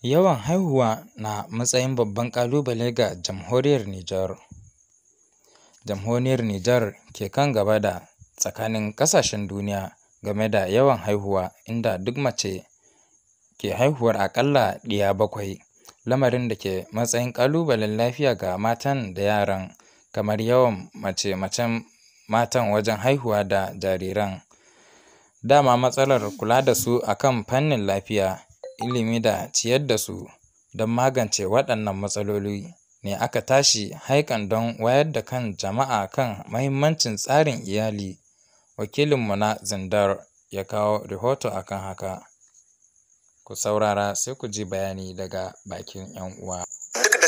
Yawan haihuwa na matsayin babban ƙalubale ga Jamhuriyar Nijar. Jamhuriyar Nijar ke kan gaba da tsakanin ƙasashen duniya game da yawan haihuwa inda duk mace ke haihuwar aƙalla ɗiya bakwai, lamarin da ke matsayin ƙalubalen lafiya ga matan da yaran kamar yawan mace-macen matan wajen haihuwa da jariran. Dama matsalar kula da su akan fannin lafiya ilimi da ciyar da su don magance waɗannan matsaloli ne aka tashi haikan don wayar da kan jama'a kan mahimmancin tsarin iyali. Wakilinmu na Zindar ya kawo rahoto a kan haka. Ku saurara sai ku ji bayani daga bakin 'yan uwa.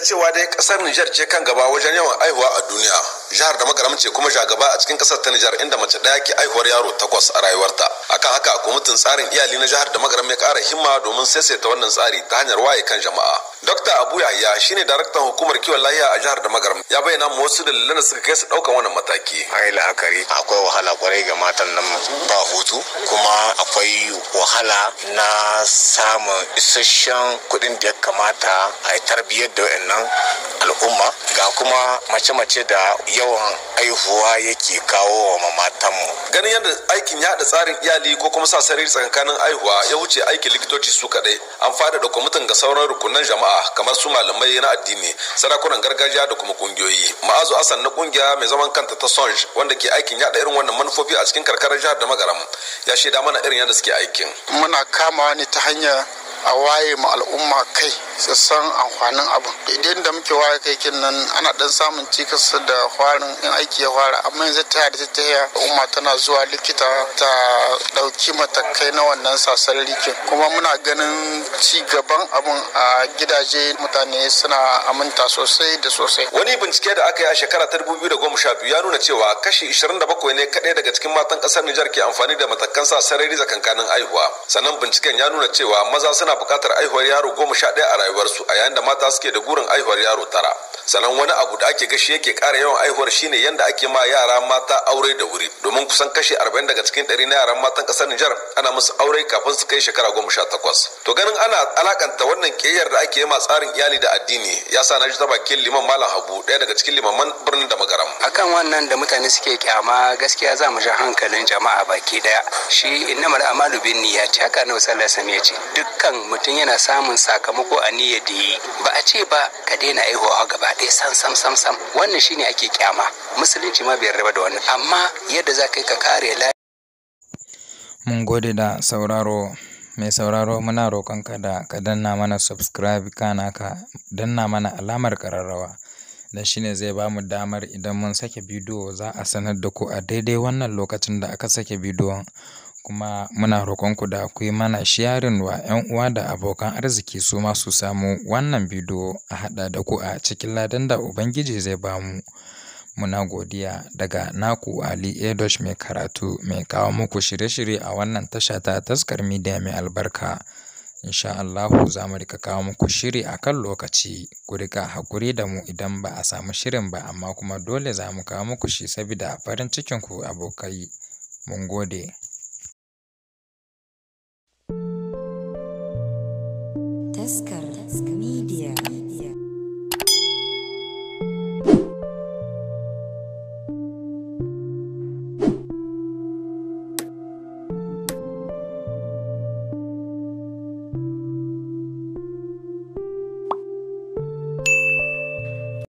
cewa dai kasar Nijar ce kan gaba wajen yawan aihuwa a duniya. Jihar da magaram ce kuma shagaba a cikin kasar ta Nijar inda mace daya ke aihuwar yaro takwas a rayuwarta. Akan haka kwamitin tsarin iyali na jihar da magaram ya kara himma domin saisaita wannan tsari ta hanyar waye kan jama'a. Dokta Abu Yahya shine daraktan hukumar kiwon lafiya a jihar da magaram ya bayyana mu wasu dalilan da suka kai su daukan wannan mataki. Ai la'akari akwai wahala kwarai ga matan nan ba hutu kuma akwai wahala na samun isasshen kuɗin da ya kamata a tarbiyyar da wayannan al'umma ga kuma mace-mace da yawan aihuwa yake kawo wa matanmu ganin yadda aikin yaɗa tsarin iyali ko kuma sa sarari tsakanin aihuwa ya wuce aikin likitoci su kadai an fada da kwamitin ga sauran rukunan jama'a kamar su malamai na addini sarakunan gargajiya da kuma kungiyoyi ma'azu asan na kungiya mai zaman kanta ta sonj wanda ke aikin yaɗa irin wannan manufofi a cikin karkarar jihar da magaram ya shaida mana irin yadda suke aikin muna kama ne ta hanya a waye ma al'umma kai su san amfanin abu. idan da muke waye kai kin nan ana dan samun cikas da kwarin in aiki ya fara amma yanzu ta da ta ya al'umma tana zuwa likita ta dauki matakai na wannan sasar likin kuma muna ganin ci gaban abun a gidaje mutane suna aminta sosai da sosai wani bincike da aka yi a shekara ta 2012 ya nuna cewa kashi 27 ne kadai daga cikin matan ƙasar Nijar ke amfani da matakan sasar rizakan kanin aihuwa sannan binciken ya nuna cewa maza suna ana bukatar aihuwar yaro goma sha ɗaya a rayuwarsu a yayin da mata suke da gurin aihuwar yaro tara sannan wani abu da ake gashi yake ƙara yawan aihuwar shine yanda ake ma yara mata aure da wuri domin kusan kashe arba'in daga cikin ɗari na yaran matan ƙasar Nijar ana musu aure kafin su kai shekara goma sha takwas to ganin ana alakanta wannan ƙeyar da ake ma tsarin iyali da addini ya sa na ji ta bakin liman malam habu ɗaya daga cikin limaman birnin da magaram akan wannan da mutane suke kyama gaskiya za mu ja hankalin jama'a baki daya shi innamal amalu bin niyyati haka ne sallallahu ya ce dukkan mutum yana samun sakamako a niyyar da yi ba a ce ba ka daina aihuwa gaba ɗaya sam sam sam sam wannan shine ake kyama musulunci ma bai raba da wannan amma yadda za ka yi ka kare lafiya mun gode da sauraro mai sauraro muna roƙonka da ka danna mana subscribe kana ka danna mana alamar ƙararrawa dan shine zai bamu damar idan mun sake bidiyo za a sanar da ku a daidai wannan lokacin da aka sake bidiyon kuma muna roƙonku da ku yi mana sharing wa 'yan uwa da abokan arziki su ma su samu wannan bidiyo a haɗa da ku a cikin ladan da Ubangiji zai ba mu. Muna godiya daga naku Ali Edosh mai karatu mai kawo muku shirye-shirye a wannan tasha ta taskar midiya mai albarka. Insha Allah za mu rika kawo muku shiri a kan lokaci, ku rika haƙuri da mu idan ba a samu shirin ba amma kuma dole za mu kawo muku shi sabida farin cikinku abokai. Mun gode. pescar.